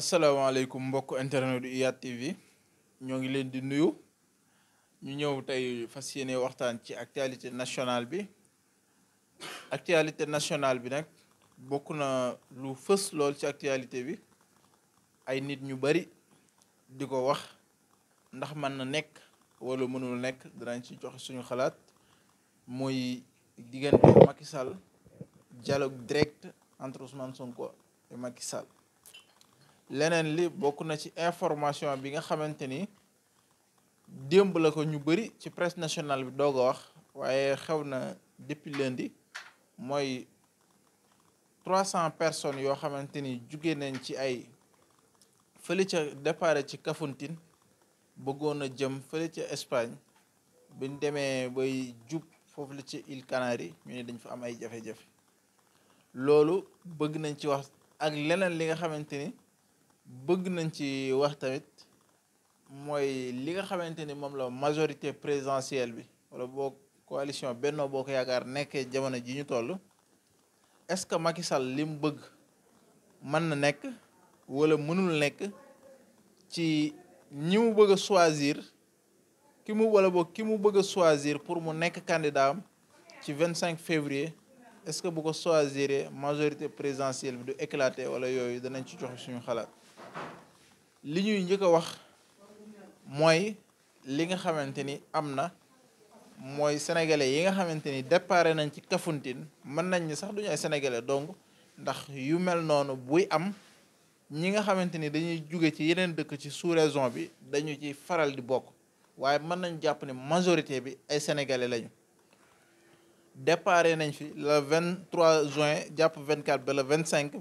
asalaamaaleykum mbokk internet IYAT TV ñoo ngi leen di nuyu ñu ñëw tey fas yéene waxtaan ci actualité nationale bi actualité nationale bi nag bokk na lu fës lool ci actualité bi ay nit ñu bari di ko wax ndax mën na nekk wala mënul nekk danañ ci joxe suñu xalaat mooy diggante Macky Sall direct entre Ousmane Sonko et Macky leneen li bokk na ci information bi nga xamante ni démb la ko ñu bëri ci presse national bi doog a wax waaye xew na depuis lundi mooy trois cent personnes yoo xamante ni jugee nañ ci ay fële ca départ ci Kafountine bëggoon a jëm fële ca Espagne biñ demee bay jub foofu la ci îles Canaries ñu ne dañ fa am ay jafe-jafe loolu bëgg nañ ci wax ak leneen li nga xamante ni bëgg nañ ci wax tamit mooy li nga xamante ni moom la majorité présidentielle bi wala boo coalition Benno Bokk Yaakaar nekkee jamono ji ñu toll est-ce que Macky Sall li mu bëgg mën na nekk wala mënul nekk ci ñi mu bëgg a ki mu wala boog ki mu bëgg a choisir pour mu nekk candidat am ci vingt cinq février est-ce que bu ko choisir majorité présidentielle bi du éclater wala yooyu danañ ci joxe suñu xalaat li ñuy njëkk a wax mooy li nga xamante ni am na mooy sénégalais yi nga xamante ni déparé nañ ci Kafountine mën nañ ni sax duñu ay sénégalais donc ndax yu mel noonu buy am ñi nga xamante ni dañuy jóge ci yeneen dëkk ci sous-région bi dañu ci faral di bokk waaye mën nañ jàpp ni majorité bi ay sénégalais lañu déparé nañ fi le 23 juin jàpp vingt 24 ba le 25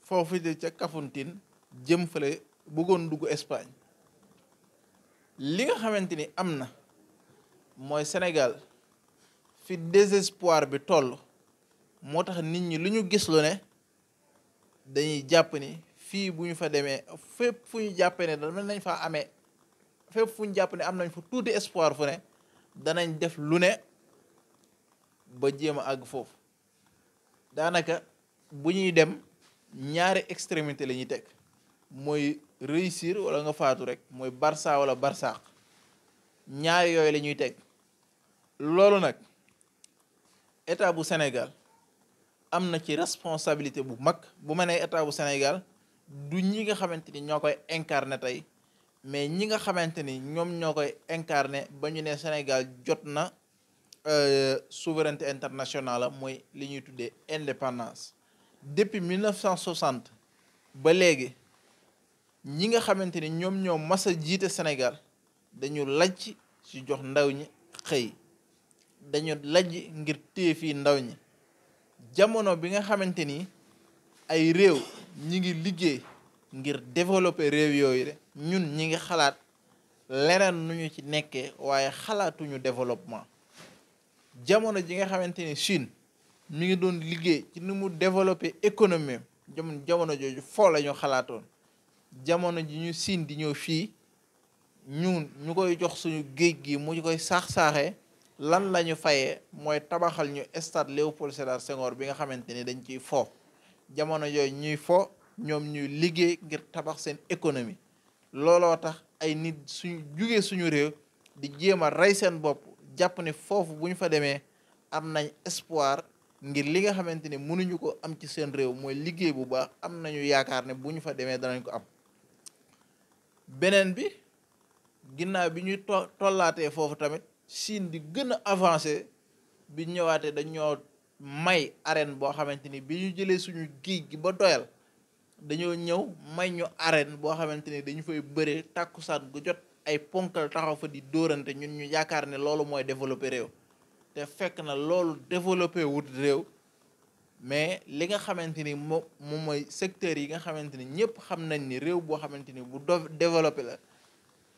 foofu de ca Kafountine jëm fële bëggoon dugg Espagne li nga xamante ni am na mooy Sénégal fi désespoir bi toll moo tax nit ñi lu ñu gis lu ne dañuy jàpp ni fii bu ñu fa demee fépp fu ñu jàppee ne amee fépp fu jàpp ne am nañ fa tuuti espoir fu ne danañ def lu ne ba jéem a àgg foofu daanaka bu ñuy dem ñaari extrémité la teg mooy réussir wala nga faatu rek mooy barça wala barsaax ñaar yooyu la ñuy teg loolu nag état bu Sénégal am na ci responsabilité bu mag bu ma nee état bu Sénégal du ñi nga xamante ni ñoo koy incarné tey mais ñi nga xamante ni ñoom ñoo koy incarné ba ñu ne Sénégal jot na euh, souveraineté internationale mooy li ñuy tuddee indépendance depuis 1960 ba léegi. ñi nga xamante ni ñoom ñoo mas a jiite Sénégal dañu lajj ci jox ndaw ñi xëy dañu lajj ngir téye fii ndaw ñi jamono bi nga xamante ni ay réew ñi ngi liggéey ngir développer réew yooyu de ñun ñi ngi xalaat leneen nu ñu ci nekkee waaye xalaatuñu développement jamono ji nga xamante ni Chine mi ngi doon liggéey ci nu mu développer économie jamono jooju foo lañu xalaatoon jamono ji ñu siin di ñëw fii ñun ñu koy jox suñu géej gi mu koy saax-saaxee lan la ñu fayee mooy tabaxal ñu stade Léopold Sédar Senghor bi nga xamante ni dañ ciy fo jamono yooyu ñuy fo ñoom ñuy liggéey ngir tabax seen économie looloo tax ay nit suñu jugee suñu réew di jéem a rey seen bopp jàpp ne foofu bu ñu fa demee am nañ espoir ngir li nga xamante ni mënuñu ko am ci seen réew mooy liggéey bu baax am nañu yaakaar ne bu ñu fa demee danañ ko am beneen bi ginnaaw bi ñuy to tollaatee foofu tamit siin di gën a avancé bi ñëwaatee dañoo may arène boo xamante ni bi ñu jëlee suñu géej gi ba doyal dañoo ñëw may ñu arène boo xamante ni dañu fay bëree tàkkusaan gu jot ay ponkal taxaw fa di dóorante ñun ñu yaakaar ne loolu mooy développé réew te fekk na loolu développé wut réew mais li nga xamante ni moom moom mooy secteur yi nga xamante ni ñëpp xam nañ ni réew boo xamante ni bu do développé la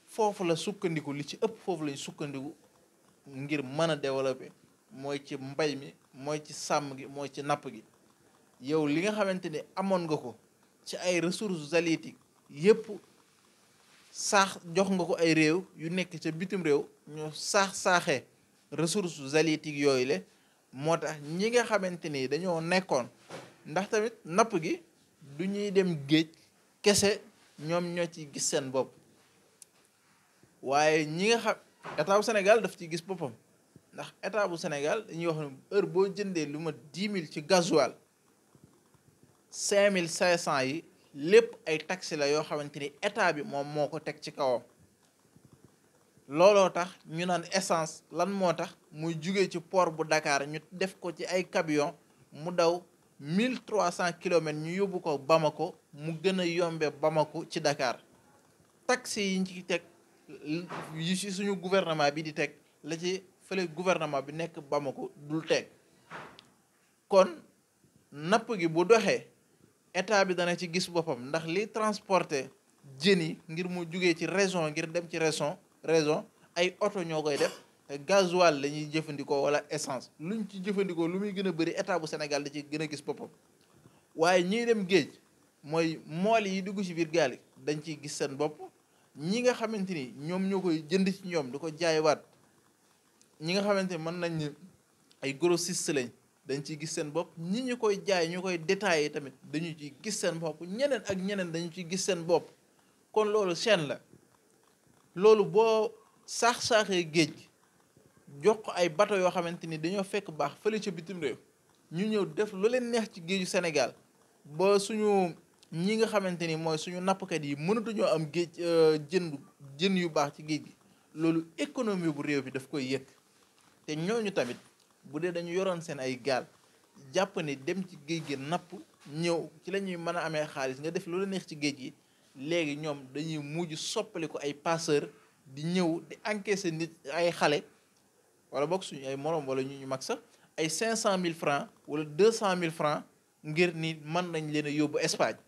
foofu la sukkandiku li ci ëpp foofu lañ sukkandiku ngir mën a développé mooy ci mbay mi mooy ci sàmm gi mooy ci napp gi yow li nga xamante ni amoon nga ko ci ay ressources halieutiques yëpp saax jox nga ko ay réew yu nekk ci bitim réew ñu saax saaxee ressources halieutiques yooyu le moo tax ñi nga xamante ni dañoo nekkoon ndax tamit napp gi du ñuy dem géej kese ñoom ñoo ci gis seen bopp waaye ñi nga xam état bu Sénégal daf ci gis boppam ndax état bu Sénégal dañuy wax ne heure boo jëndee lu ma dix mille ci gasoil cinq mille cinq cent yi lépp ay taxes la yoo xamante ni état bi moom moo ko teg ci kawam looloo tax ñu naan essence lan moo tax muy jugee ci port bu dakaar ñu def ko ci ay camion mu daw mille trois cent kilomètres ñu yóbbu ko Bamako mu gën a yombe Bamako ci dakaar taxi yi ñu teg yi suñu gouvernement bi di teg la ci fële gouvernement bi nekk Bamako dul teg kon napp gi bu doxee état bi dana ci gis boppam ndax li transporter jën yi ngir mu jugee ci région ngir dem ci région raison ay oto ñoo koy def gasoil la ñuy jëfandikoo wala essence luñ ci jëfandikoo lu muy gën a bëri état bu Sénégal da ci gën a gis boppam waaye ñiy géej mooy mool yi dugg ci biir gaal dañ ciy gis seen bopp ñi nga xamante ni ñoom ñoo koy jënd ci ñoom di ko jaaywaat ñi nga xamante ni mën nañ ay grossiste dañ ciy gis seen bopp ñi ñu koy jaay ñu koy détaillé tamit dañu ci gis seen bopp ñeneen ak ñeneen dañu ci gis seen bopp kon loolu chaîne la loolu boo saax-saaxee géej gi jox ko ay bato yoo xamante ni dañoo fekk baax fële ca bitim réew ñu ñëw def lu leen neex ci géeju senegal ba suñu ñi nga xamante ni mooy suñu nappkat yi mënatuñoo am géej euh, jën jën yu baax ci géej gi loolu économie bu réew bi daf koy yëg te ñooñu tamit bu dee dañu yoroon seen ay gaal jàpp ni dem ci géej gi napp ñëw ci la ñuy mën a amee xaalis nga def lu la neex ci géej gi léegi ñoom dañuy mujj soppali ay passeur di ñëw di encaisser nit ay xale wala boog suñu ay morom wala ñu ñu mag sax ay cinq cent mille francs wala deux cent mille francs ngir ni mën nañ leen a yóbbu Espagne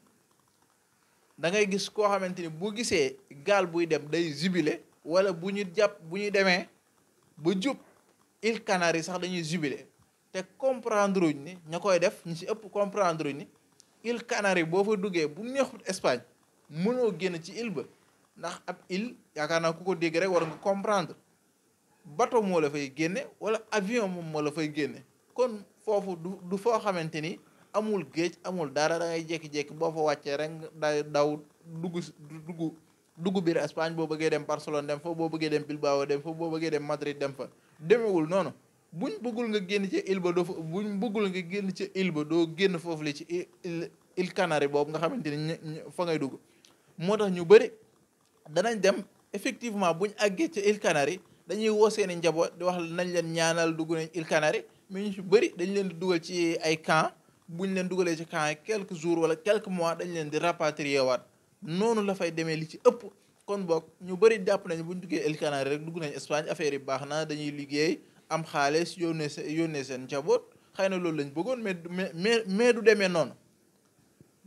da ngay gis koo xamante ni bu gisee gaal buy dem day jubilé wala bu ñu jàpp bu ñu demee ba jub îles Canaries sax dañuy jubilé te comprendre ñu ni ña koy def ñu si ëpp comprendre ni îles Canaries boo fa duggee bu neexut Espagne mënoo génn ci île ba ndax ab île yaakaar naa ku ko dégg rek war nga comprendre bateau moo la fay génne wala avion moom moo la fay génne kon foofu du du foo xamante ni amul géej amul dara da ngay jékki-jékki boo fa wàccee rek day daw dugg dugg dugg biir Espagne boo bëggee dem Barcelone dem fa boo bëggee dem Bilbao dem fa boo bëggee dem Madrid dem fa demewul noonu buñ bëggul nga génn ci île ba doo fa buñ bëggul nga génn ci île ba doo génn foofu la ci île Canaries boobu nga xamante ni fa ngay dugg moo tax ñu bëri danañ dem effectivement buñ àggee ca Îles Canaries dañuy woo seen i njaboot di wax nañ leen ñaanal dugg nañ Îles Canaries mais ñu ci bëri dañ leen di dugal ci ay camp buñ leen dugalee ci camp quelque jours wala quelque mois dañ leen di rapatrier waat noonu la fay demee li ci ëpp kon boog ñu bëri jàpp nañ buñ duggee Îles Canaries rek dugg nañ Espagne affaire yi baax na dañuy liggéey am xaalis yónnee seen yónnee seen njaboot xëy na loolu lañ bëggoon mais mais mais du demee noonu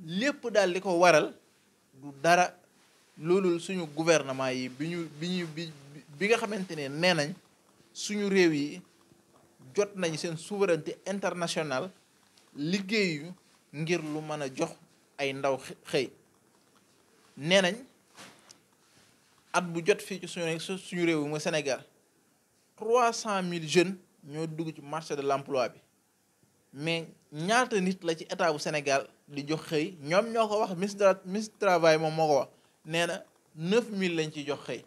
lépp daal li ko waral du dara loolu suñu gouvernement yi bi ñu bi bi bi nga xamante ne nee nañ suñu réew yi jot nañ seen souveraineté internationale liggéeyu ngir lu mën a jox ay ndaw xëy nee nañ at bu jot fii ci suñu suñu réew yi mooy Sénégal trois cent mille jeunes ñoo dugg ci marché de l'emploi bi mais ñaata nit la ci état bu Sénégal di jox xëy ñoom ñoo ko wax ministre ministre travail moom moo ko wax nee na 9000 lañ ci jox xëy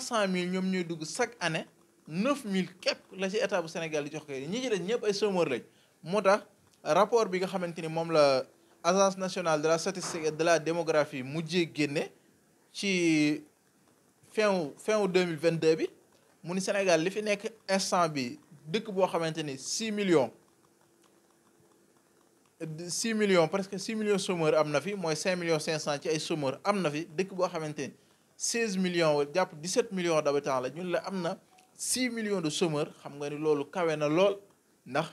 cent mil ñoom ñooy dugg chaque année 9000 képp la ci état bu Sénégal di jox xëy ñi ci des ñëpp ay chômeur lañ moo tax rapport bi nga xamante ni moom la agence nationale de la statistique de la démographie mujjee génne ci mille vingt 2022 bi mu ni Sénégal li fi nekk instant bi dëkk boo xamante ni 6 millions. six million presque six millions chômeurs am na fi mooy cinq millions cinq cent ci ay chômeurs am na fi dëkk boo xamante ni seize million jàpp dix-sept millions d'habitants la ñun la am na six millions de chômeurs xam nga ni loolu kawe na lool ndax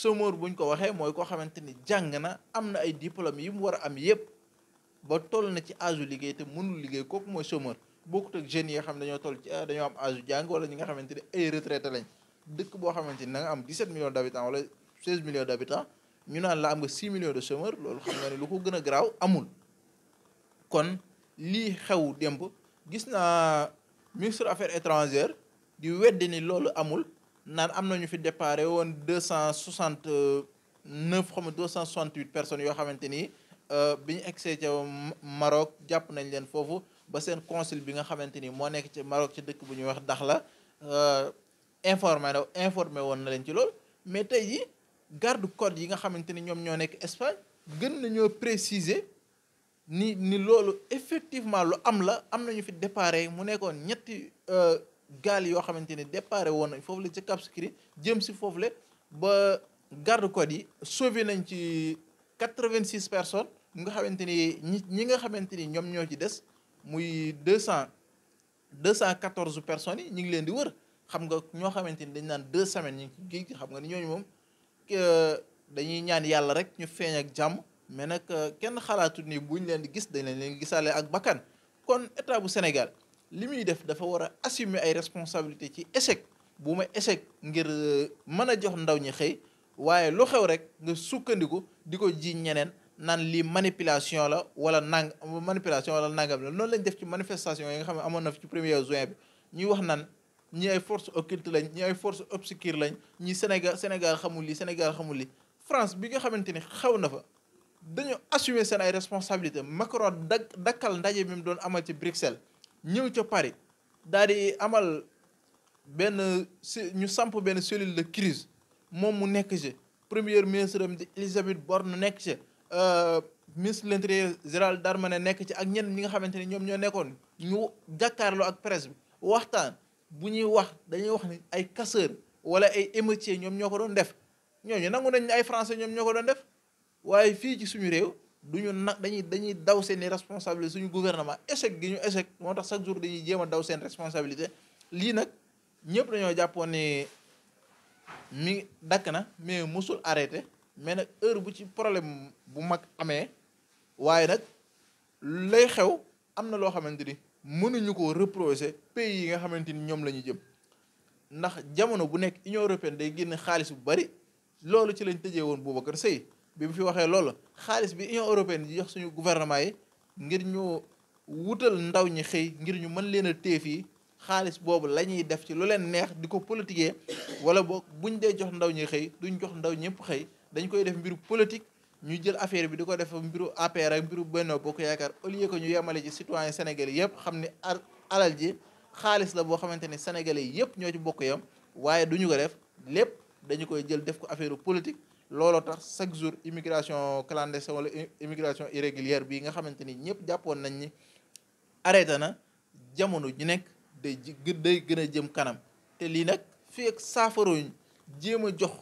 chômeur buñ ko waxee mooy koo xamante ni jàng na am na ay diplômes yi mu war a am yépp ba toll na ci âge liggéey te mënul liggéey kooku mooy chômeur bokkut ak jeunes yi nga xam ñoo toll ci ah, dañoo am âge jàng wala ñi nga xamante ni ay boo xamante ni na am 17 millions d'habitants wala 16 ñu naan la am nga 6 millions de chômeurs loolu xam na ne lu ko gën a garaaw amul kon lii xew démb gis naa ministre affaire étrangères di weddi ni loolu amul naan am na ñu fi déparé woon deux cent soixante neuf xam deux cent soixante huit personnes yoo xamante ni euh, bi ñu egsee ca Maroc jàpp nañ leen foofu ba seen consul bi nga xamante ni moo nekk ci Maroc ci dëkk bu ñuy wax Dakhla euh, informé na informé woon na leen ci loolu mais tey jii garde code yi nga xamante ni ñoom ñoo nekk Espagne gën nañoo préciser ni ni loolu effectivement lu am la am nañu fi déparé mu nekkoon ñetti euh, gaal yoo xamante ni déparé woon nañ foofu la ca Cap Skirring jëm si foofu la ba garde corps yi sauvé nañ ci quatre-vingt-six personnes nga xamante ni ñi ñi nga xamante ni ñoom ñoo ci des muy deux cent deux cent quatorze personnes yi ñu ngi leen di wër xam nga ñoo xamante ni dañ naan deux semaines ñu ngi ci géej gi xam nga ni ñooñu moom Euh, dañuy ñaan yàlla rek ñu feeñ ak jàmm mais nag euh, kenn xalaatu bu ñu leen di gis dañ leen leen gisaale ak bakkan kon état bu Sénégal li muy def dafa war a assumer ay responsabilité ci échec bu ma échec ngir euh, mën a jox ndaw ñi xëy waaye lu xew rek nga sukkandiku di ko ji ñeneen naan lii manipulation la wala nang manipulation wala nangam la noonu lañ def ci manifestation yi nga xam ne amoon na fi ci premier juin bi ñuy wax naan ñi ay force occulte lañ ñi ay force obscure lañ ñi Sénégal Sénégal xamul li Sénégal xamul li France bi nga xamante ni xew na fa dañoo assumer seen ay responsabilité Macron dak dakkal ndaje bi mu doon amal ci Bruxelles ñëw ca Paris daal di amal benn ñu samp benn cellule de crise moom mu nekk ci premier ministre am di Elisabeth Borne nekk ci euh, ministre de l'intérieur Gérald Darmanin nekk ci ak ñenn ñi nga xamante ni ñoom ñoo nekkoon ñu jàkkaarloo ak presse bi waxtaan bu ñuy wax dañuy wax ni ay casseur wala ay émeutier ñoom ñoo ko doon def ñooñu nangu nañ ay français ñoom ñoo ko doon def waaye fii ci suñu réew du ñu nag dañuy dañuy daw seen i responsabilité suñu gouvernement échec gi ñu échec moo tax chaque jour dañuy jéema daw seen responsabilité lii nag ñëpp dañoo jàppoon ni mi dakk na mais mosul arrêté mais nag heure bu ci problème bu mag amee waaye nag lay xew am na loo xamante ni mënuñu ko reprosé pays yi nga xamante ni ñoom la ñu jëm ndax jamono bu nekk Union européenne day génne xaalis bu bari loolu ci lañ tëjee woon Boubacar Sèye bi bu fi waxee loolu xaalis bi Union européenne di jox suñu gouvernement yi ngir ñu wutal ndaw ñi xëy ngir ñu mën leen a téye fii xaalis boobu la ñuy def ci lu leen neex di ko politiquer wala boog buñ dee jox ndaw ñi xëy duñ jox ndaw ñëpp xëy dañ koy def mbiru politique. ñu jël affaire bi di ko def mbiru APR ak mbiru benn Bokk Yaakaar au lieu ñu yemale ci citoyen sénégalais yëpp xam ne alal ji xaalis la boo xamante ni sénégalais yëpp ñoo ci bokk yam waaye du ñu ko def lépp dañu koy jël def ko affaire politique looloo tax chaque jour immigration clandestine wala immigration irrégulière bi nga xamante ni ñëpp jàppoon nañ ni arrêté na jamono ji nekk day day gën a jëm kanam te lii nag fii ak saafaruñ jéem a jox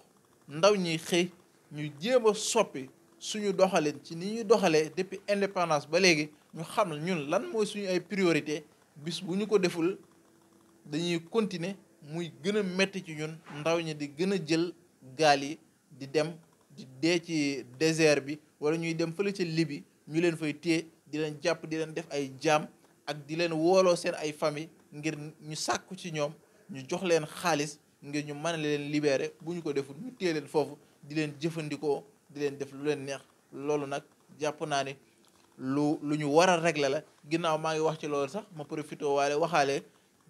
ndaw ñi xëy ñu jéem a soppi suñu doxalin ci ni ñuy doxalee depuis indépendance ba léegi ñu xam ñun lan mooy suñu ay priorité bis bu ñu ko deful dañuy continuer muy gën a métti ci ñun ndaw ñi di gën a jël gaal yi di dem di dee ci désert bi wala ñuy dem fële ca Libi ñu leen fay téye di leen jàpp di leen def ay jaam ak di leen wooloo seen ay famille ngir ñu sàkku ci ñoom ñu jox leen xaalis ngir ñu mën leen libérer bu ñu ko deful ñu téye leen foofu di leen jëfandikoo di leen def lu leen neex loolu nag jàpp naa ni lu lu ñu waral regle la ginnaaw maa ngi wax ci loolu sax ma profité waale waxaale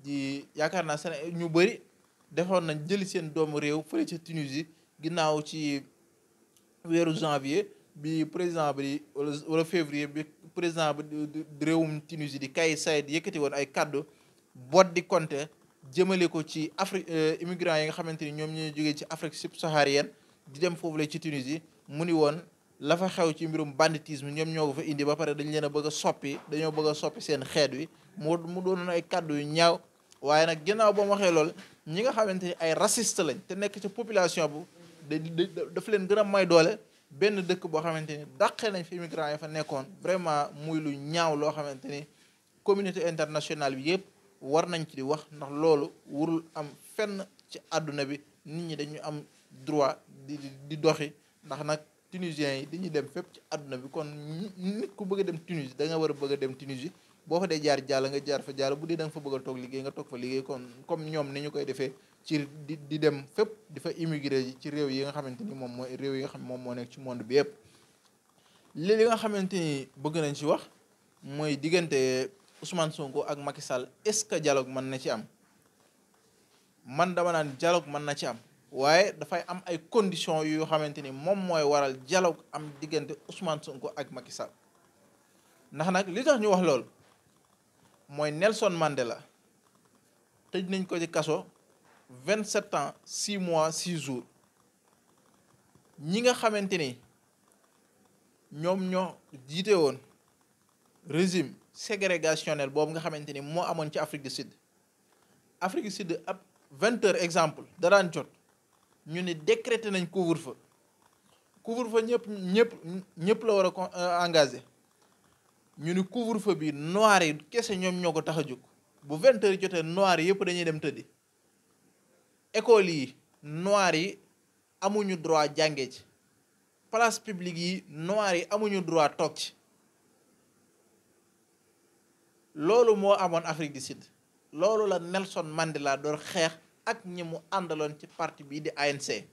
ji yaakaar naa Sénégal ñu bëri defoon nañ jëli seen doomu réew fële ca Tunisie ginnaaw ci weeru janvier bi président bi wala février bi président bi réewum Tunisie di Kais Saied yëkkati woon ay kàddu boot di Conté jëmale ko ci Afrique euh, immigrants yi nga xamante ni ñoom ñoo jógee ci Afrique subsaharienne di dem foofu la ci Tunisie mu ni woon lafa xew ci mbirum banditisme ñoom ñoo ko fa indi ba pare dañ leen bëgg soppi dañoo bëgg a soppi seen xeet wi mu mu doonoon ay kàddu yu ñaaw waaye nag ginnaaw ba mu waxee lool ñi nga xamante ni ay raciste lañ te nekk ci population bu daf leen gën a doole benn dëkk boo xamante ni dàqee nañ fi immigrant yi fa nekkoon vraiment muy lu ñaaw loo xamante ni communauté internationale bi yëpp war nañ ci di wax ndax loolu warul am fenn ci àdduna bi nit ñi dañu am droit di di doxi ndax nag tunisiens yi di dañuy dem fépp ci àdduna bi kon nit ku bëgg dem Tunisie da nga war a bëgg a dem Tunisie boo fa dee jaar jàll nga jaar fa jàll bu dee da fa bëgg a toog liggéey nga toog fa liggéey kon comme ñoom ni ñu koy defee ci di di dem fépp di fa immigré yi ci réew yi nga xamante ni moom mooy réew yi nga xam moom moo nekk ci monde bi yëpp li xamante ni bëgg nañ ci wax mooy diggante Ousmane Sonko ak Macky Sall est-ce que dialogue mën na ci am man dama naan dialogue mën na ci am waaye dafay am ay conditions yoo xamante ni moom mooy waral dialogue am diggante Ousmane Sonko ak Macky Sall ndax nag li tax ñu wax loolu mooy Nelson Mandela tëj nañ ko ci kaso vingt sept ans six mois six jours ñi nga xamante ni ñoom ñoo jiite woon régime ségrégationnel boobu nga xamante ni moo amoon ci Afrique du Sud Afrique du Sud ab vingt exemple daraan jot ñu ne décrété nañ couvre-feu couvre-feu ñëpp ñëpp ñëpp la war a euh, engagé ñu ni couvre-feu bi noir yi kese ñoom ñoo ko tax a jóg bu vingt heures jotee noir yi yëpp dañuy dem tëddi école yi noir yi amuñu droit jàngee ci place publique yi noir yi amuñu droit toog ci loolu moo amoon Afrique du Sud loolu la Nelson Mandela doon xeex ak ñi mu àndaloon ci partie bii di ANC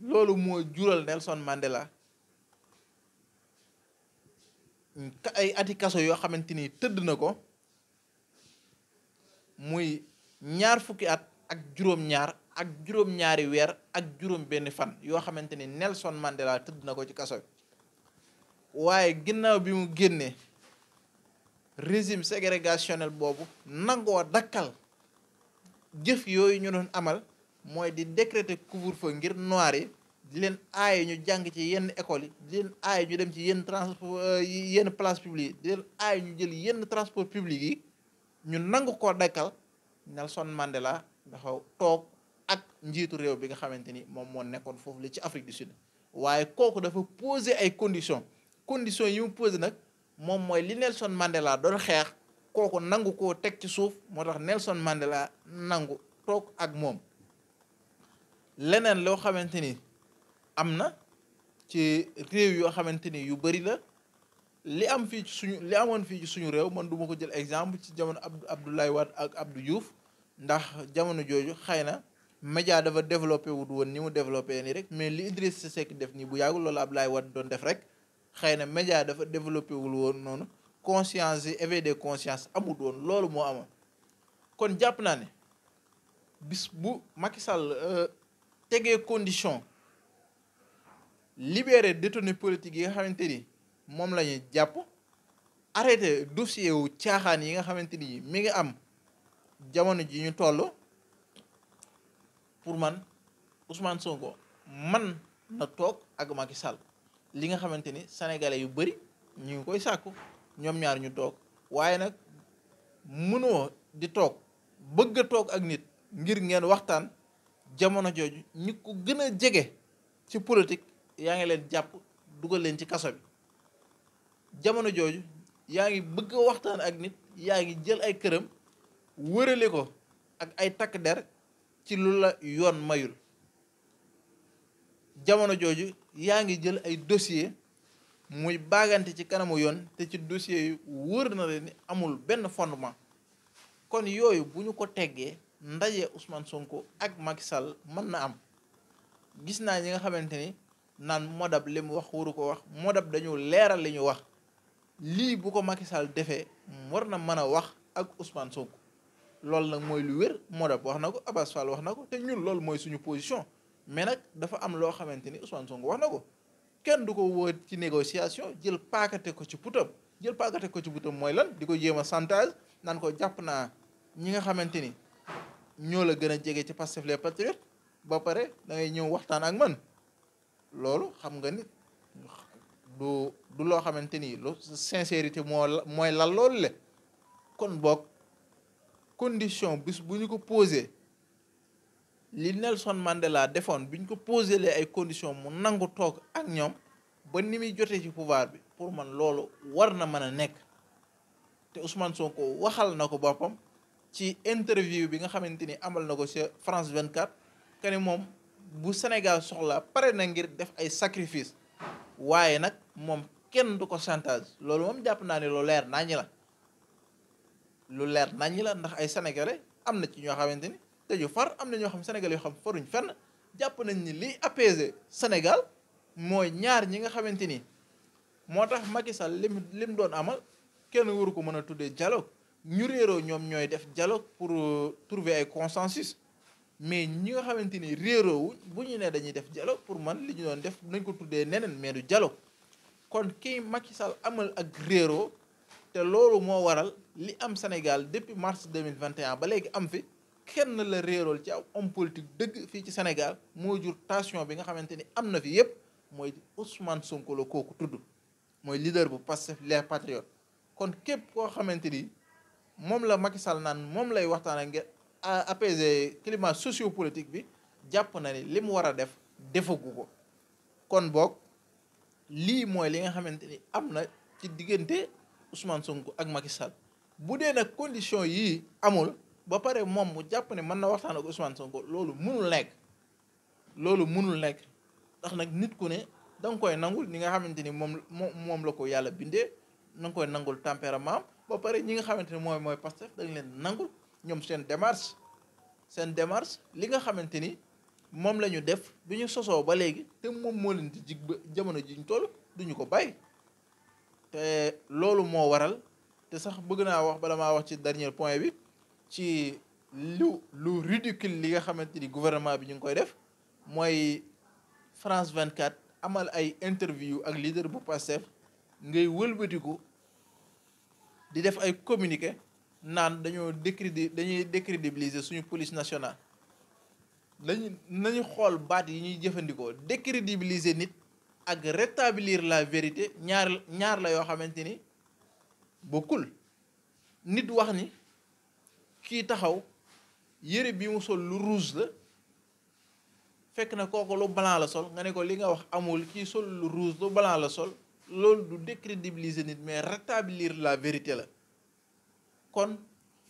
loolu moo jural Nelson Mandela ay ati kaso yoo xamante ni tëdd na ko muy ñaar fukki at ak juróom-ñaar ak juróom-ñaari weer ak juróom-benn fan yoo xamante ni Nelson Mandela tëdd na ko ci kaso bi waaye ginnaaw bi mu génnee régime ségrégationnel boobu nagoo dakkal jëf yooyu ñu doon amal mooy di décréter couvre-feu ngir noir yi di leen aay ñu jàng ci yenn école yi di leen aaye ñu dem ci yenn transport euh, yenn place publique di leen ñu jël yenn transport public yi ñu nangu ko dakkal Nelson Mandela dafa toog ak njiitu réew bi nga xamante ni moom moo nekkoon foofu la ci Afrique du Sud waaye kooku dafa poser ay conditions conditions yi mu posé nag moom mooy li Nelson Mandela doon xeex kooku nangu ko teg ci suuf moo tax Nelson Mandela nangu toog ak moom leneen loo xamante ni am na ci réew yoo xamante ni yu bëri la li am fii ci suñu li amoon fii ci suñu réew man du ko jël exemple ci jamono Abdou Abdoulaye Wade ak Abdou juuf ndax jamono jooju xëy na média dafa développé wut woon ni mu développé nii rek mais li Idriss Seck def nii bu yàggul loolu Abdoulaye Wade doon def rek xëy na média dafa développé wul woon noonu conscience yi éveil des consciences amul woon loolu moo am kon jàpp naa ne bis bu Macky Sall euh, tegee condition libérer détenus politique yi nga xamante ni moom la jàpp arrêté dossier wu caaxaan yi nga xamante ni mi ngi am jamono ji ñu toll pour man Ousmane Sonko man na toog ak Macky Sall li nga xamante ni sénégalais yu bëri ñu ngi koy sàkku ñoom ñaar ñu toog waaye nag mënoo di toog bëgg toog ak nit ngir ngeen waxtaan jamono jooju ñi ko gën jege ci politique yaa ngi leen jàpp dugal leen ci kaso bi jamono jooju yaa ngi bëgg a waxtaan ak nit yaa ngi jël ay këram wërale ko ak ay takk der ci lu la yoon mayul jamono jooju yaa ngi jël ay dossier muy baagante ci kanamu yoon te ci dossier yi wóor na leen ni amul benn fondement kon yooyu bu ñu ko teggee ndaje Ousmane Sonko ak Macky mën na am gis naa ñi nga xamante ni naan modab li mu wax waru ko wax modab dañu leeral li ñu wax lii bu ko Macky Sall defee war na mën a wax ak Ousmane Sonko loolu nag mooy lu wér modab wax na ko Abass wax na ko te ñun loolu mooy suñu position mais nag dafa am loo xamante ni Ousmane Sonko wax na ko kenn du ko woo ci négociation jël paakate ko ci putam jël paakate ko ci putam mooy lan di ko jéem a chantage naan ko jàpp naa ñi nga xamante ni ñoo la gën a jege ci Pastef les patriotes ba pare da ngay ñëw waxtaan ak man loolu xam nga ni du du loo xamante ni lu sincérité moo mooy lal loolu le kon boog condition bis bu ñu ko posé li Nelson Mandela defoon bi ñu ko posé lee ay conditions mu nangu toog ak ñoom ba ni muy jotee ci pouvoir bi pour man loolu war na mën a nekk te Ousmane ko waxal na ko boppam ci interview bi nga xamante ni amal na ko ci France 24 que ni moom bu Sénégal soxla pare na ngir def ay sacrifice waaye nag moom kenn du ko chantage loolu moom jàpp naa ne lu leer naññi la lu leer naññi la ndax ay sénégalais am na ci ñoo xamante ni. te dañu far am na ñoo xam Sénégal yoo xam faruñ fenn jàpp nañ ni liy apaiser Sénégal mooy ñaar ñi nga xamante ni moo tax Macky Sall lim lim doon amal kenn waru ko mën a tuddee dialogue ñu réeroo ñoom ñooy def dialogue pour euh, trouver ay consensus mais ñi nga xamante ni réeroowu bu ñu nee dañuy def dialogue pour man li ñu doon def nañ ko tuddee neneen mais du dialogue kon kii Macky Sall amal ak réeroo te loolu moo waral li am Sénégal depuis mars 2021 ba léegi am fi kenn la réerool ci aw homme politique dëgg fii ci Sénégal moo jur tension bi nga xamante ni am na fi yépp mooy Ousmane Sonko la kooku tudd mooy leader bu Pastef les patriotes kon képp koo xamante ni moom la Macky Sall naan moom lay waxtaan ak ngeen apaiser climat sociopolitique bi jàpp na ni li mu war a def defagu ko kon boog lii mooy li nga xamante ni am na ci diggante Ousmane Sonko ak Macky bu dee na condition yi amul ba pare moom mu jàpp ne mën na waxtaan ak Ousmane Sonko loolu munul nekk loolu munul nekk ndax nag nit ku ne da nga koy nangul ñi nga xamante ni moom moom la ko yàlla bindee na nangul tempérament ba pare ñi nga xamante ni mooy mooy Pastef da nga leen nangul ñoom seen démarche seen démarche li nga xamante ni moom la def bi ñu sosoo ba léegi te moom moo leen di jig jamono ji ñu toll duñu ko bàyyi te loolu moo waral te sax bëgg naa wax bala maa wax ci dernier point bi ci lu lu ridicule li nga xamante ni gouvernement bi ñu ngi koy def mooy France vingt 24 amal ay interview ak leader bu Pastef ngay wëlbatiku di def ay communiqué naan dañoo décrédi dañuy décrédibiliser suñu police nationale dañu nañu xool baat yi ñuy jëfandikoo décrédibiliser nit ak rétablir la vérité ñaar ñaar la yoo xamante ni bokkul nit wax ni kii taxaw yére bi mu sol lu rouge la fekk na kooku lu blanc la sol nga ne ko li nga wax amul kii sol lu rouge lu blanc la sol loolu du décrédibiliser nit mais rétablir la vérité la kon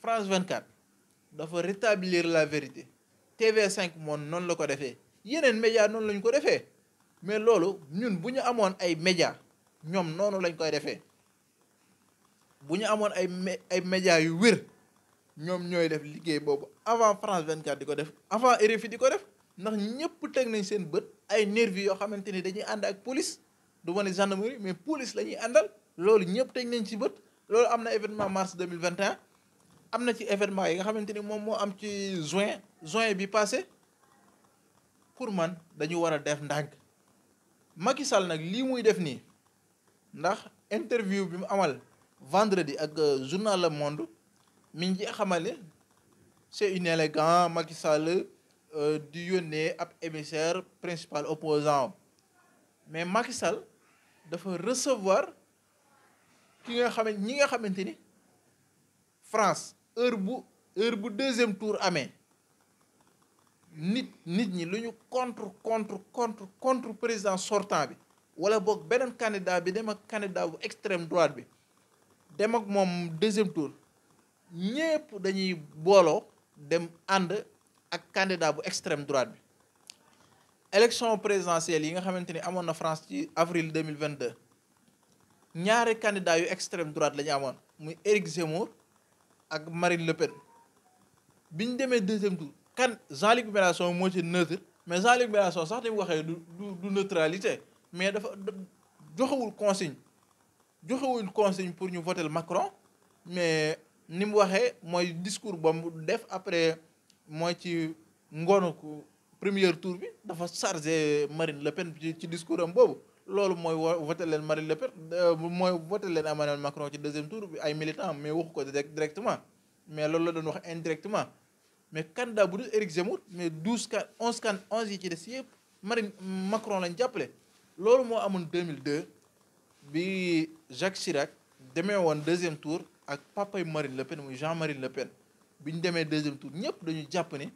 France 24 dafa rétablir la vérité tv cinq moom noonu la ko defee yeneen média noonu lañ ko defee mais loolu ñun bu ñu amoon ay média ñoom noonu lañ koy defee bu ñu amoon ay ay média yu wér ñoom ñooy def liggéey boobu avant France 24 di ko def avant RFI di ko def ndax ñëpp teg nañ seen bët ay nervi yoo xamante ni dañuy ànd ak police du ma ne gendarmerie mais police la ñuy àndal loolu ñëpp teg nañ ci bët loolu am na événement mars 2021 am na ci événement yi nga xamante ni moom moo am ci juin juin bi passé pour man dañu war a def ndànk Macky Sall nag lii muy def nii ndax interview bi mu amal vendredi ak euh, journal Le Monde mi ngi xamal ne c'est inélégant Macky Sall euh, di yónnee ab émissaire principal opposant mais Macky dafa recevoir ki nga xam ñi nga xamante ni France heure bu heure bu deuxième tour amee nit nit ñi lu ñu contre contre contre contre président sortant bi wala boog beneen candidat bi dem ak candidat bu extrême droite bi dem ak moom deuxième tour ñépp dañuy booloo dem ànd ak candidat bu extrême droite bi élection présidentielle yi nga xamante ni amoon na France ci avril deux ñaari candidat yu extrême droite lañu amoon muy Éric Zemmour ak Marine Le Pen bi ñu demee deuxième tour kan Jean-Luc moo ci neutre mais Jean-Luc Mélenchon sax ni mu waxee du du neutralité mais dafa joxewul consigne joxewul consigne pour ñu voter Macron mais ni mu waxee mooy discours ba def après mooy ci ngoonu première tour bi dafa chargé Marine Le Pen ci discours am boobu loolu mooy voté leen Marine Le Pen euh, mooy voté leen Emmanuel Macron ci deuxième tour bi ay militants mais waxu ko directement mais loolu la doon wax indirectement mais candidat bu dul Éric Zemmour mais douze can onze can onze yi ci des yëpp Marine Macron lañ jàppale loolu moo amoon 2002 bi Jacques Chirac demee woon deuxième tour ak papay Marine Le Pen muy Jean-Marie Le Pen bi ñu demee deuxième tour ñëpp dañu jàpp ne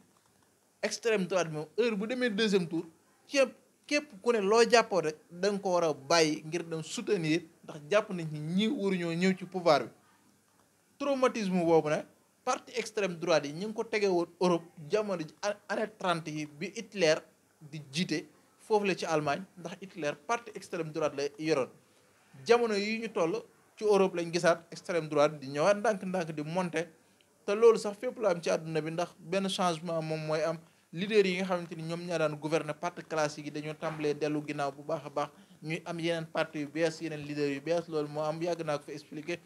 extrême droite moom heure bu demee deuxième tour képp képp ku ne loo jàppoo rek da nga ko war bàyyi ngir dem sutenir ndax jàpp nañ ni ñi waruñoo ñëw ci pouvoir bi traumatisme boobu nag parti extrême droite yi ñu ngi ko tegee woon Europe jamono ji année trente yi bi Hitler di jiite foofu la ci Allemagne ndax Hitler parti extrême droite la yoroon jamono yi ñu toll ci Europe lañ gisaat extrême droite di ñëwaat ndànk-ndànk di monter te loolu sax fépp la am ci àdduna bi ndax benn changement moom mooy am leader yi nga xamante ni ñoom ñaa daan gouverner parti classique yi dañoo tàmbalee dellu ginnaaw bu baax a baax ñu am yeneen parti yu bees yeneen leader yu bees loolu moo am yàgg naa ko fa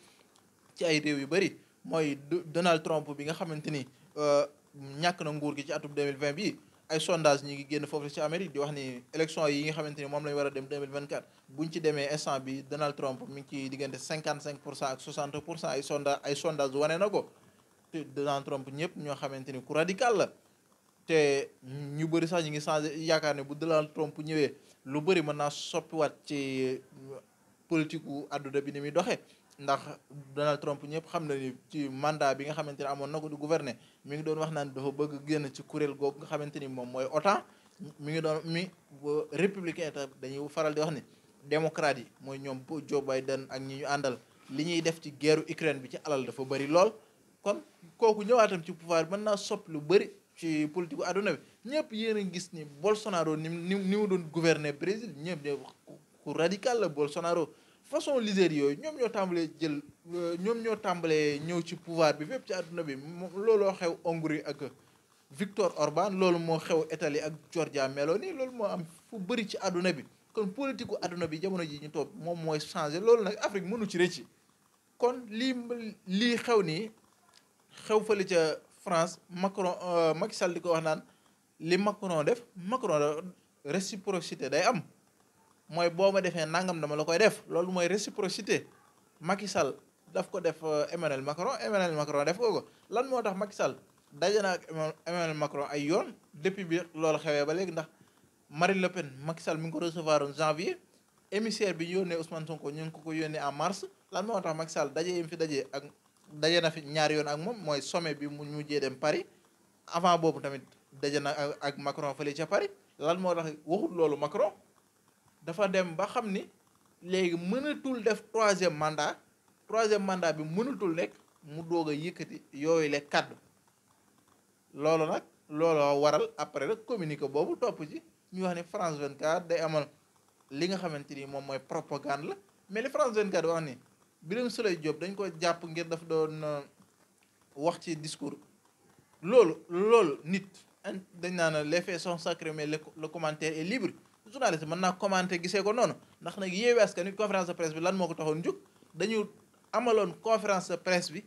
ci ay réew yu bëri mooy Donald Trump bi nga xamante ni euh, ñàkk na nguur gi ci atum 2020 bi ay sondage ñi ngi génn foofu ci Amérique di wax ni élection yi nga xamante ni moom la ñu war a dem 2024 buñ ci demee instant bi Donald Trump mi ngi ci diggante 55 pour cent ak 60 pour cent ay sonda ay sondage wane na ko te Donald Trump ñëpp ñoo xamante ni ku radical te ñu bëri sax ñu ngi changé yaakaar ne bu Donald Trump ñëwee lu bëri mën na soppiwaat ci politique u àdduna bi ni muy doxee ndax Donald Trump ñëpp xam na ci mandat bi nga xamante ne amoon na ko di gouverner mi ngi doon wax naan dafa bëgg génn ci kuréel googu nga xamante ni moom mooy OTAN mi ngi doon mi républicain tam dañuy faral di wax ni démocrate yi mooy ñoom Joe Biden ak ñi ñu àndal li ñuy def ci guerru Ukraine bi ci alal dafa bëri lool kon kooku ñëwaatam ci pouvoir mën naa sopp lu bëri ci politique bu àdduna bi ñëpp yéen a gis ni Bolsonaro ni ni mu doon gouverner Brésil ñëpp ku radical la Bolsonaro façon leader yooyu ñoom ñoo tàmbalee jël euh, ñoom ñoo tàmbalee ñëw ci pouvoir bi fépp ci àdduna bi looloo xew Hongrie ak Victor Orban loolu moo xew Italie ak Giorgia Meloni loolu moo am fu bëri ci àdduna bi kon politique gu àdduna bi jamono ji ñu toog moom mooy changé loolu nag Afrique mënu ci rëcc kon lii xew nii xew fële ca France Macron euh, Macky Sall ko wax naan li Macron def Macron réciprocité day am mooy boo ma defee nangam dama la koy def loolu mooy réciprocité Macky Sall daf ko def euh, Emmanuel Macron Emmanuel Macron def ko ko lan moo tax Macky daje na ak ay yoon depuis bi loolu xewee ba léegi ndax mari Le Pen mi ngi ko recevoir en janvier émissaire bi ñu yónnee Ousmane Sonko ñu ngi ko ko yónnee en mars lan moo tax Macky Sall daje yi fi dajee ak daje na ñaari yoon ak moom mooy sommet bi mu mujjee dem Paris avant boobu tamit daje na ak Macron fële ca Paris lan moo tax waxut loolu Macron. dafa dem ba xam ni léegi mënatul def troisième mandat troisième mandat bi mënatul nekk mu doog a yëkkati yooyu le kàddu loolu nag looloo waral après rek communiqué boobu topp ci ñu wax ni France 24 day amal li nga xamante ni moom mooy propagande la mais li France 24 wax ni Birame Souleye Diop dañ ko jàpp ngir daf doon euh, wax ci discours loolu loolu nit dañ naan les son sont sacrés mais le commentaire et libre journaliste mën naa commenter gisee ko noonu ndax nag Yewwi Askan Wi conférence de presse bi lan moo ko taxoon jóg dañu amaloon conférence de presse bi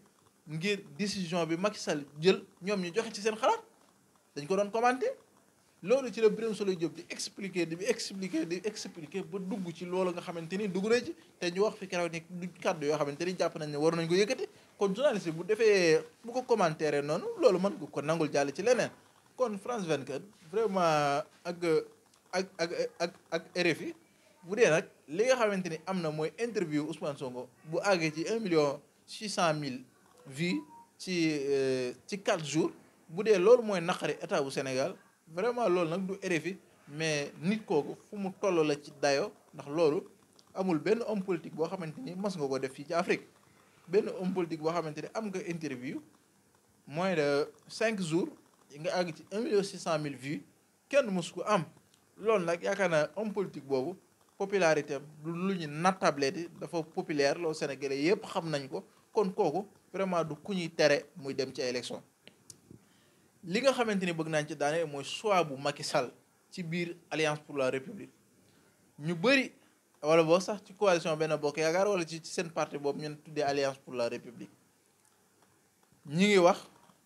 ngir décision bi mag Sall jël ñoom ñu joxe ci seen xalaat dañ ko doon commenter loolu ci la Birame Souleye Diop di expliqué di expliqué di expliquer ba dugg ci loolu nga xamante ni dugg na ci te ñu wax fi keroog ni du kàddu yoo xamante ni jàpp nañ ne war nañ ko yëkkati kon journaliste bu defee bu ko commentaire noonu loolu mën nga ko nangul jàll ci leneen kon vraiment ak ak ak ak RFI bu dee nag li nga xamante ni am na mooy interview Ousmane Sonko bu àggee ci un million six cent mille vues ci euh, ci quatre jours bu dee loolu mooy naqari état bu Sénégal vraiment loolu nag du RFI mais nit kooku fu mu toll la ci dayo ndax loolu amul benn homme politique boo xamante ni mas nga ko def fii ci Afrique benn homme politique boo xamante ni am nga interview moins de cinq jours yi nga àgg ci un million six cent mille vues kenn mosu ko am loolu nag yaakaar naa homme politique boobu popularité am du lu ñu nattablee di dafa populaire loolu Sénégalais yëpp xam nañ ko kon kooku vraiment du ku ñuy tere muy dem ci élection li nga xamante ni bëgg naañ ci daane mooy choix bu Macky Sall ci biir alliance pour la république ñu bëri wala boo sax ci coalition benn bokk yaakaar wala ci seen parti boobu ñu tuddee alliance pour la république ñi ngi wax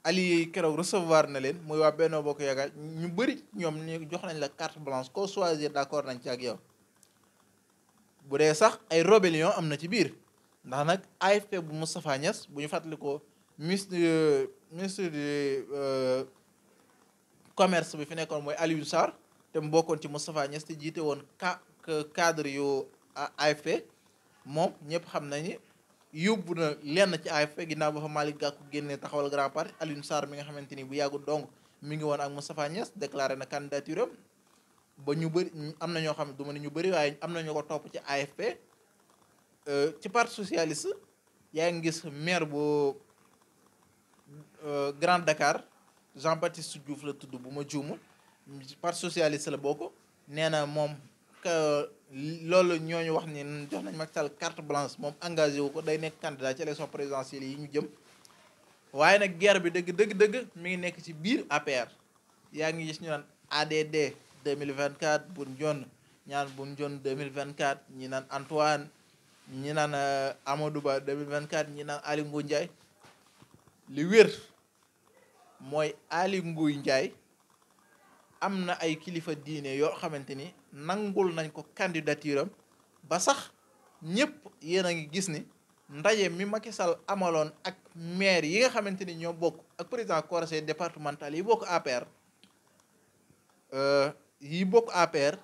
alliés yi keroog recevoir na leen muy waa Benno Bokk Yaakaar ñu bëri ñoom ñu jox nañ la carte blanche koo choisir d'accord nañ ci ak yow bu dee sax ay rébellion am na ci biir ndax nag AFP bu Moustapha bu ñu fàttalikoo ministre euh, ministre du euh, commerce bi fi nekkoon mooy Aliou Sarr te mu ci Moustapha Niass jiite woon cadre yu AFP moom ñëpp xam nañu. yóbbu na lenn ci AFP ginnaaw ba fa Malick Gakou génnee taxawal grand parti Alioune Sarr mi nga xamante ni bu yàggul dong mi ngi woon ak Moustapha Niass déclaré na candidature ba ñu bëri am na ñoo xam ne du ma ne ñu bëri waaye am na ñu ko topp ci AFP euh, ci parti socialiste yaa ngi gis maire bu euh, Grand Dakar Jean-Baptiste Diouf la tudd bu ma juumul parti socialiste la bokk nee na moom loolu ñooñu wax ni jox nañ Macky Sall carte blanche moom engagé wu ko day nekk candidat ci élection présidentielle yi ñu jëm waaye nag guerre bi dëgg dëgg dëgg mi ngi nekk ci biir APR yaa ngi gis ñu naan ADD 2024 Boun Dionne ñaan Boun Dionne 2024 ñi naan Antoine ñi naan euh, amadouba Ba 2024 ñi naan Aly Ngouille Ndiaye li wér mooy Aly Ngouille Ndiaye am na ay kilifa diine yoo xamante ni nangul nañ ko candidature am ba sax ñëpp yéen a ngi gis ni ndaje mi Macky amaloon ak maire yi nga xamante ni ñoo bokk ak président conseil départemental yi bokk APR euh, yi bokk APR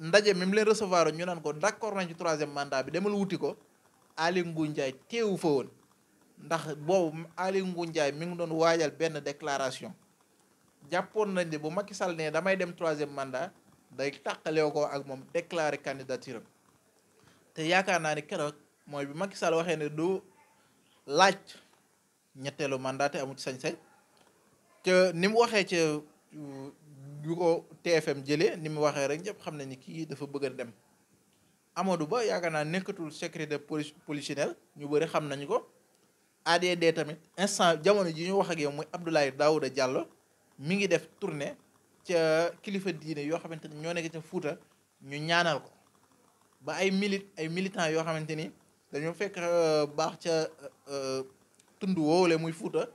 ndaje mi mu leen recevoir ñu naan ko d'accord nañ ci troisième mandat bi demal wuti ko Aly Ngouille Ndiaye teewu fa woon ndax boobu Aly Ngouille Ndiaye mi ngi doon waajal benn déclaration jàppoon nañ ne bu makki Sall ne damay dem troisième mandat day tàqalew ko ak moom déclarer candidature am te yaakaar naa ni keroog mooy bi Macky Sall waxee ne du laaj ñetteelu mandat te sañ-sañ te ni mu waxee ca yu ko TFM jëlee ni mu waxee rek ñëpp xam nañ ni kii dafa bëgg a dem Amadou Ba yaakaar naa nekkatul secrétaire poli polichinelle ñu bëri xam nañu ko ADD tamit instant jamono ji ñu wax ak yow muy Abdoulaye Daouda Diallo mi ngi def tournée ca kilifa diine yoo xamante ni ñoo nekk ca Fuuta ñu ñaanal ko ba ay mili ay militants yoo xamante ni dañoo fekk euh, baax ca euh, euh, tund woowule muy Fuuta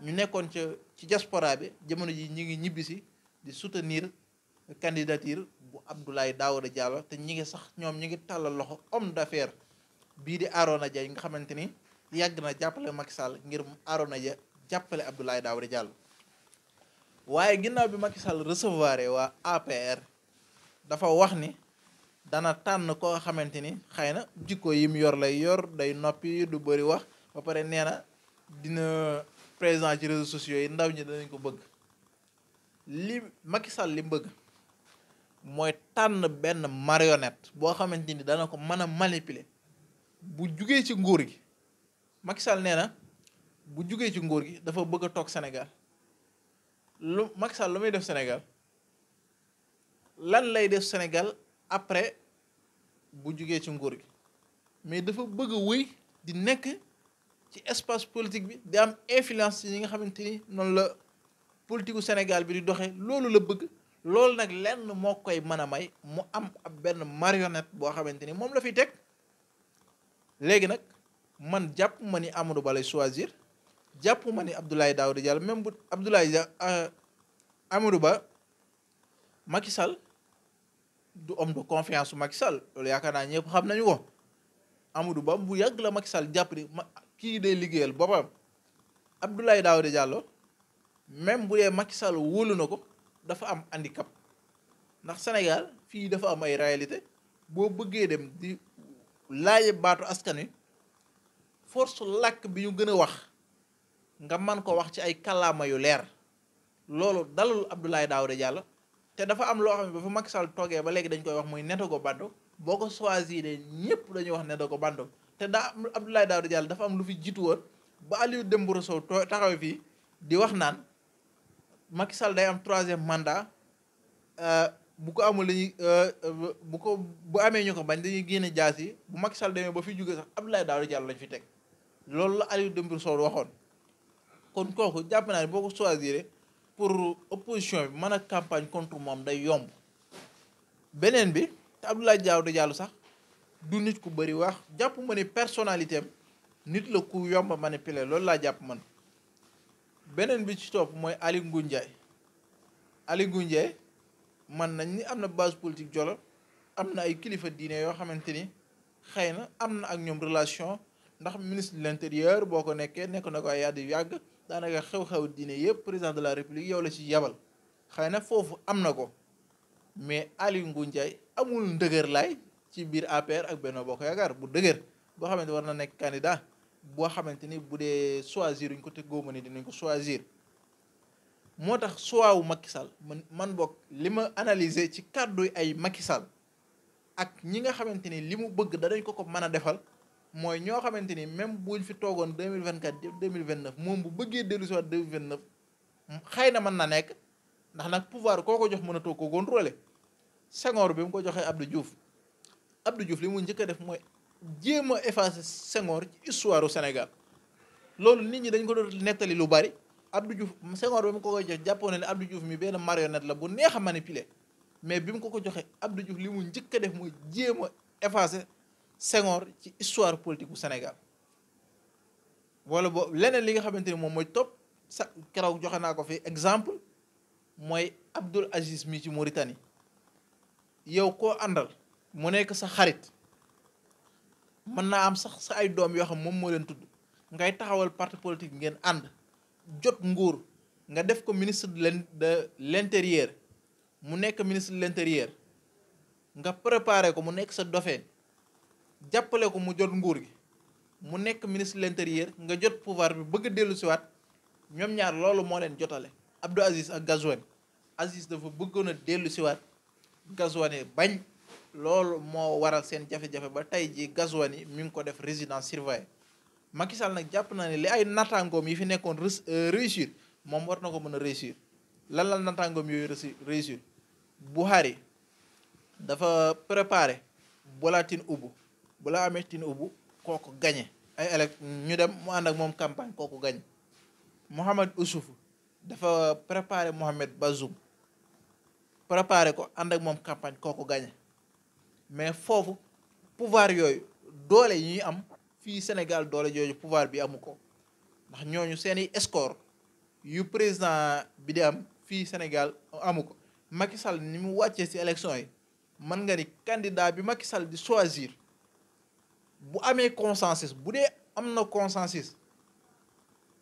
ñu nekkoon ca ci diaspora bi jamono ji ñu ngi ñibbisi di soutenir candidature bu Abdoulaye Daouda Diallo te ñi ngi sax ñoom ñi ngi tàllal loxo homme d'affaires bii di Arona ja yi nga xamante ni yàgg na jàppale Macky Sall ngir Arona ja jàppale Abdoulaye Daouda Diallo waaye ginnaaw bi Macky Sall recevoir waa APR dafa wax ni dana tànn koo xamante ni xëy na jikko yim yor lay yor day noppi du bëri wax ba pare nee na dina président ci réseaux sociaux yi ndaw ñi danañ ko bëgg li Macky Sall li bëgg mooy tànn benn marionnette boo xamante ni dana ko mën a manipuler bu jugee ci nguur gi Macky Sall nee na bu jugee ci nguur gi dafa bëgg a toog Sénégal lu mag Sall lu may def Sénégal lan lay def Sénégal après bu jugee ci nguur gi mais dafa bëgg a di nekk ci espace politique bi di am influence yi nga xamante ni noonu la politique gu Sénégal bi di doxee loolu la bëgg loolu nag lenn moo koy mën a may mu am ab benn marionnette boo xamante ni moom la fiy teg léegi nag man jàpp ma ni Amadou Ba lay choisir jàpp ma ni Abdoulaye Daouda Diallo même bu Abdoulaye euh, Amadou Ba Macky Sall du homme de confiance su Macky Sall loolu yaakaar naa ñëpp xam nañu ko Amadou Ba bu yàgg la Macky Sall jàpp ni ma kii day liggéeyal boppam Abdoulaye Daouda Diallo même bu dee Macky Sall wóolu na ko dafa am handicap ndax Sénégal fii dafa am ay réalité boo bëggee dem di laaye baatu askan wi force làkk bi ñu gën a wax nga man ko wax ci ay kàllaama yu leer loolu dalul daaw Daouda Diallo te dafa am loo xam ne ba fa Macky Sall toogee ba léegi dañ koy wax muy Netogo Bando boo ko choisir ñëpp dañuy wax Netogo Bando te daa Abdoulaye Daouda jàll dafa am lu fi jiitu woon ba Aliou Dembourou Sow taxaw fii di wax naan Macky Sall day am troisième euh, bu ko amul lañuy euh, bu ko amee ñu ko bañ dañuy génne jaas yi bu Macky Sall demee ba fi jóge sax Abdoulaye Daouda Diallo lañ fi teg loolu la Aliou Dembourou Sow waxoon. kon kooku jàpp naa ne boo ko choisir pour opposition bi mën a campagne contre moom day yomb beneen bi te Abdoulaye Daouda Diallo sax du nit ku bëri wax jàpp ma ne personnalité nit la ku yomb manipuler loolu laa jàpp man beneen bi ci topp mooy Aly Ngouille Ndiaye Aly Ngouille Ndiaye man nañ ni am na base politique jolo am na ay kilifa diine yoo xamante ni xëy na am na ak ñoom relation ndax ministre de l'intérieur boo ko nekkee nekk na ko ay yàgg daanaka xew-xew diine yëpp président de la république yow la ci yabal xëy na foofu am na ko mais Aliou ngu Ndiaye amul ndëgër laay ci biir APR ak Benno Bokk Yaakaar bu dëgër boo xamante war na nekk candidat boo xamante ni bu dee choisir uñ ko te góoma ni dinañ ko choisir moo tax choix wu Macky Sall man man bokk li ma analyser ci kàddu ay makisal ak ñi nga xamante ni li mu bëgg danañ ko ko mën a defal mooy ñoo xamante ni même buñ fi toogoon deux mille vingt quatre deux mille vingt neuf moom bu bëggee dellu si waat deux mille vingt neuf xëy na mën na nekk ndax nag pouvoir koo ko jox mën a toog ko contrôler Senghor bi mu ko joxee Abdou Diouf Abdou Diouf li mu njëkk a def mooy jéem a effacer Senghor ci histoire loolu nit ñi dañ ko doon nettali lu bari Abdou Diouf Senghor bi mu ko koy jox jàppoon na ne Abdou mi benn marionnette la bu neex a manipuler mais bi mu ko ko joxee Abdou li mu njëkk a def mooy jéem a effacer Senghor ci histoire politique bu Sénégal wala bo leneen li nga xamante ni moom mooy topp sa keroog joxe naa ko fii exemple mooy Abdoul Aziz mi ci Mauritanie yow koo àndal mu nekk sa xarit mën naa am sax sa ay doom yoo xam moom moo leen tudd ngay taxawal parti politique ngeen ànd jot nguur nga def ko ministre de l'intérieur mu nekk ministre de l'intérieur nga préparé ko mu nekk sa dofee jàppale ko mu jot nguur gi mu nekk ministre de l'intérieur nga jot pouvoir bi bëgg a dellu siwaat ñoom ñaar loolu moo leen jotale Abdou Aziz ak Gazouane Aziz dafa bëggoon a dellu siwaat Gazouane bañ loolu moo waral seen jafe-jafe ba tey jii Gazouane yi ngi ko def résidence surveillée Macky Sall nag jàpp naa ne li ay nattaangoom yi fi nekkoon euh, réussir moom war na ko mën a réussir lan la nattaangoom yooyu réussir Buhari dafa préparé bulletin ubbu bu la amee Tinubu kooku gañe ay élect ñu dem mu ànd moom campagne kooku gañe Mohamed Oussouf dafa préparé Mohamed Bazoum préparé ko ànd ak moom campagne kooku gañe mais foofu pouvoir yooyu doole yi ñuy am fii Sénégal doole jooju pouvoir bi amu ko ndax ñooñu seeni escore yu président bi di am fii Sénégal amu ko Macky Sall ni mu wàccee ci élection yi mën nga ni candidat bi Macky Sall di choisir bu amee consensus bu dee am na consensus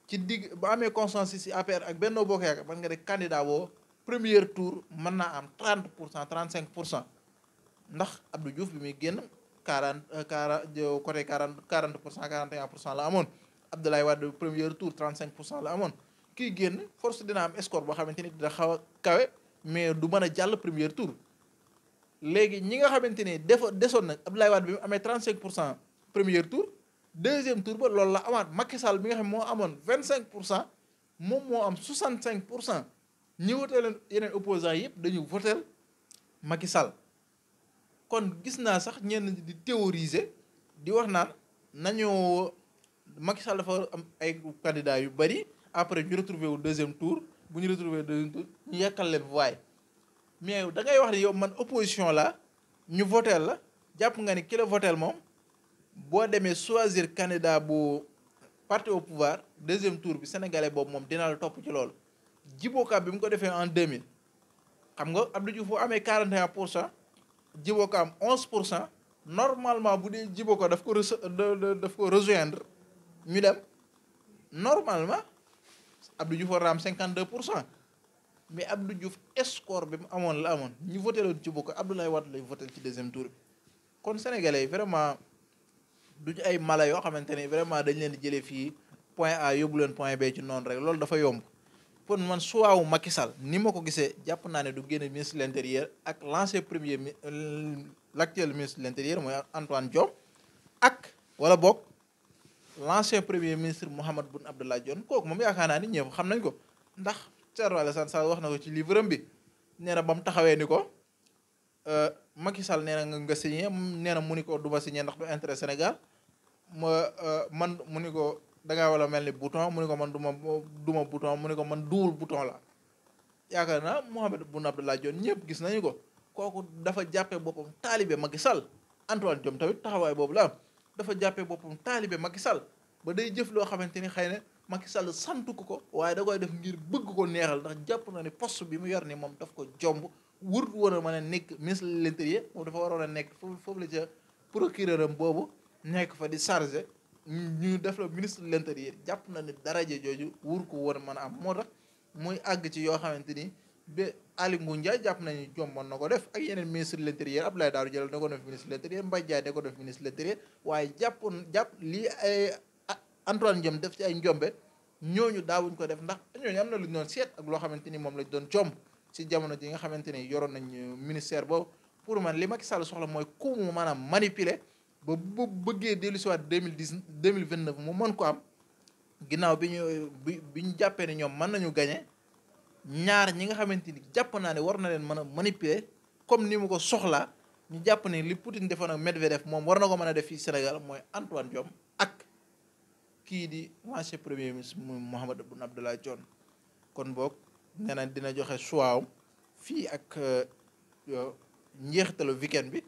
ci digg bu amee consensus ci APR ak Benno Bokk Yaakaar man nga de candidat boo premier tour mën naa am trente pour cent trente cinq pour cent ndax Abdou Diouf bi muy génn quarante euh, quarante euh, côté quarante quarante pour cent quarante et pour cent la amoon Abdoulaye Wade premier tour trente cinq pour cent la amoon kii génn force dina am escore boo xamante ni dina xaw a kawe mais du mën a jàll premier tour léegi ñi nga xamante ni defa desoon nag Abdoulaye Wade bi mu amee pour cent premier tour deuxième tour ba loolu la amaat Macky Sall bi nga xam moo amoon vingt cinq pour cent moom moo am soixante cinq pour cent ñi wotee leen yeneen opposants yëpp dañu voteel Macky Sall kon gis naa sax ñenn di théoriser di wax naan nañoo Macky Sall dafa am ay candidats yu bari après ñu retrouver wu deuxième tour bu ñu retrouver deuxième tour ñu yàkkal leen waaye mais da ngay wax ni yow man opposition la ñu voteel la jàpp nga ni ki voteel moom boo demee choisir candidat bu parti au pouvoir deuxième tour bi sénégalais boobu moom dina topp ci loolu Djibo bi mu ko defee en 2000 xam nga Abdou Diouf bu amee 41 pour cent Djibo Ka am 11 pour cent normalement bu dee Djibo Ka daf ko daf ko rejoindre ñu dem normalement Abdou Diouf war na am pour cent mais Abdou Diouf score bi mu amoon la amoon ñu voté loon Djibo Ka Abdoulaye Wade lay voté ci deuxième tour bi kon sénégalais vraiment. duñu ay mala yoo xamante ni vraiment dañ leen di jëlee fii point A yóbbu point B ci noonu rek loolu dafa yomb kon man suwaawu Macky Sall ni ma ko gisee jàpp naa ne du génne ministre de l' intérieur ak l'ancien premier mi euh, l' actuel ministre de l' intérieur mooy Antoine Diome ak wala boog l'ancien premier ministre Mahammed Boun Abdallah Dionne kook moom yaakaar naa ni ñëpp xam nañ ko ndax Thierno Alassane Sall wax na ko ci livre am bi nee na taxawee ni ko. Euh, Macky Sall nee na nga signé nee na mu ni ko du ma signé ndax du intérêt Sénégal ma euh, man mu ni ko dangaa wala mel ni bouton mu ni ko man du ma du ma bouton mu ni ko man duwul bouton la yaakaar naa Mohamed Boun Abdallah Dionne ñëpp gis nañu ko kooku dafa jàppe boppam taalibe Macky Sall Antoine Diome tamit taxawaay boobu la am dafa jàppee boppam taalibe Macky Sall ba day jëf loo xamante ni xëy na Macky Sall sant ko ko waaye da koy def ngir bëgg ko neexal ndax jàpp na ne post bi mu yor nii moom daf ko jomb wur woon a mën a nekk ministre de l'intérieur moom dafa waroon a nekk foofu foofu la ca procureur am boobu nekk fa di chargé ñu def la ministre de l'intérieur jàpp na ne daraja jooju wur ko woon a mën a am moo tax muy àgg ci yoo xamante ni ba Aly Ngouille Ndiaye jàpp nañu jomboon na ko def ak yeneen ministre de l'intérieur Abdoulaye Daouda Diallo da ko def ministre de l'intérieur Mbaye Ndiaye ko def ministre de l'intérieur waaye jàppoon jàpp lii ay Antoine Diome def ci ay njombe ñooñu daawuñ ko def ndax ñooñu am na lu ñu doon seet ak loo xamante ni moom lañ doon jomb ci jamono ji nga xamante ne yoroon nañ euh, ministère boobu pour man li Macky Sall soxla mooy ku mu maanaam manipuler ba bu bëggee dellu si waat deux mille dix deux mille vingt neuf mu mën ko am ginnaaw bi ñu bi bi ñu jàppee ne ñoom mën nañu gagné ñaar ñi nga xamante ni jàpp naa ne war na leen mën a manipuler comme ni mu ko soxla ñu jàpp ne li Poutine defoon ak Medvedev moom war na ko mën a def fii Sénégal mooy Antoine Diome ak kii di ancien premier ministre mu Mahammed Boun Abdallah Dionne kon boog. nee dina joxe suwaaw fii ak euh, njeexitalu weekend bi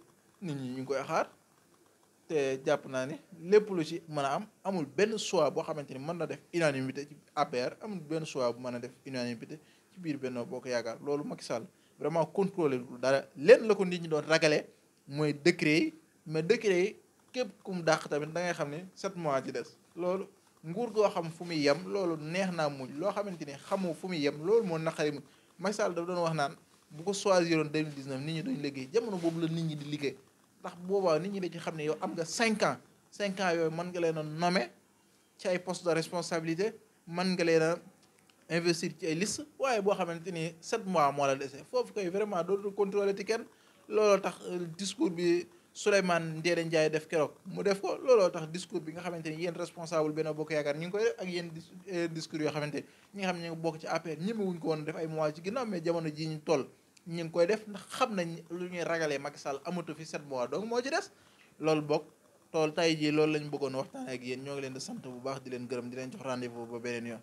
nit ñi ñu ngi koy xaar te jàpp naa ne lépp lu ci mën a am amul benn choix boo xamante ni mën na def unanimité ci APR amul benn choix bu mën a def unanimité ci biir boo ko Yaakaar loolu Macky Sall vraiment contrôlé lu dara leen la ko nit ñi doon ragalee mooy décret yi mais décret yi képp kum dàq tamit da ngay xam ne sept mois ci des loolu nguur goo xam fu muy yem loolu neex naa muñ loo xamante ni xamoo fu muy yem loolu moo naqari muñ Macky Sall daf doon wax naan bu ko choisiroon 2019 nit ñi duñ liggéey jamono boobu la nit ñi di liggéey ndax boobaa nit ñi dañ ci xam ne yow am nga 5 ans 5 ans yooyu man nga leen a nommer ci ay poste de responsabilité mën nga leen a investir ci ay liste waaye boo xamante ni 7 mois moo la dese foofu koy vraiment dootul contrôler ti kenn looloo tax euh, discours bi. Souleymane Ndéné Ndiaye def keroog mu def ko looloo tax discours bi nga xamante ni yéen responsable Benno Bokk Yaakaar ñu ngi koy def ak yéen eh, discours yoo xamante ni nga xam ne ñu bokk ci APR ñemewuñ ko mois ci ginnaaw ji ñu toll ñu ngi koy def ndax xam nañ lu ñuy ragalee Macky Sall amatu fi sept mois donc moo ci des loolu bokk tool tay jii loolu lañ bëggoon waxtaan ak yéen ñoo ngi leen di sant bu baax di leen gërëm di leen jox rendez-vous ba beneen yoon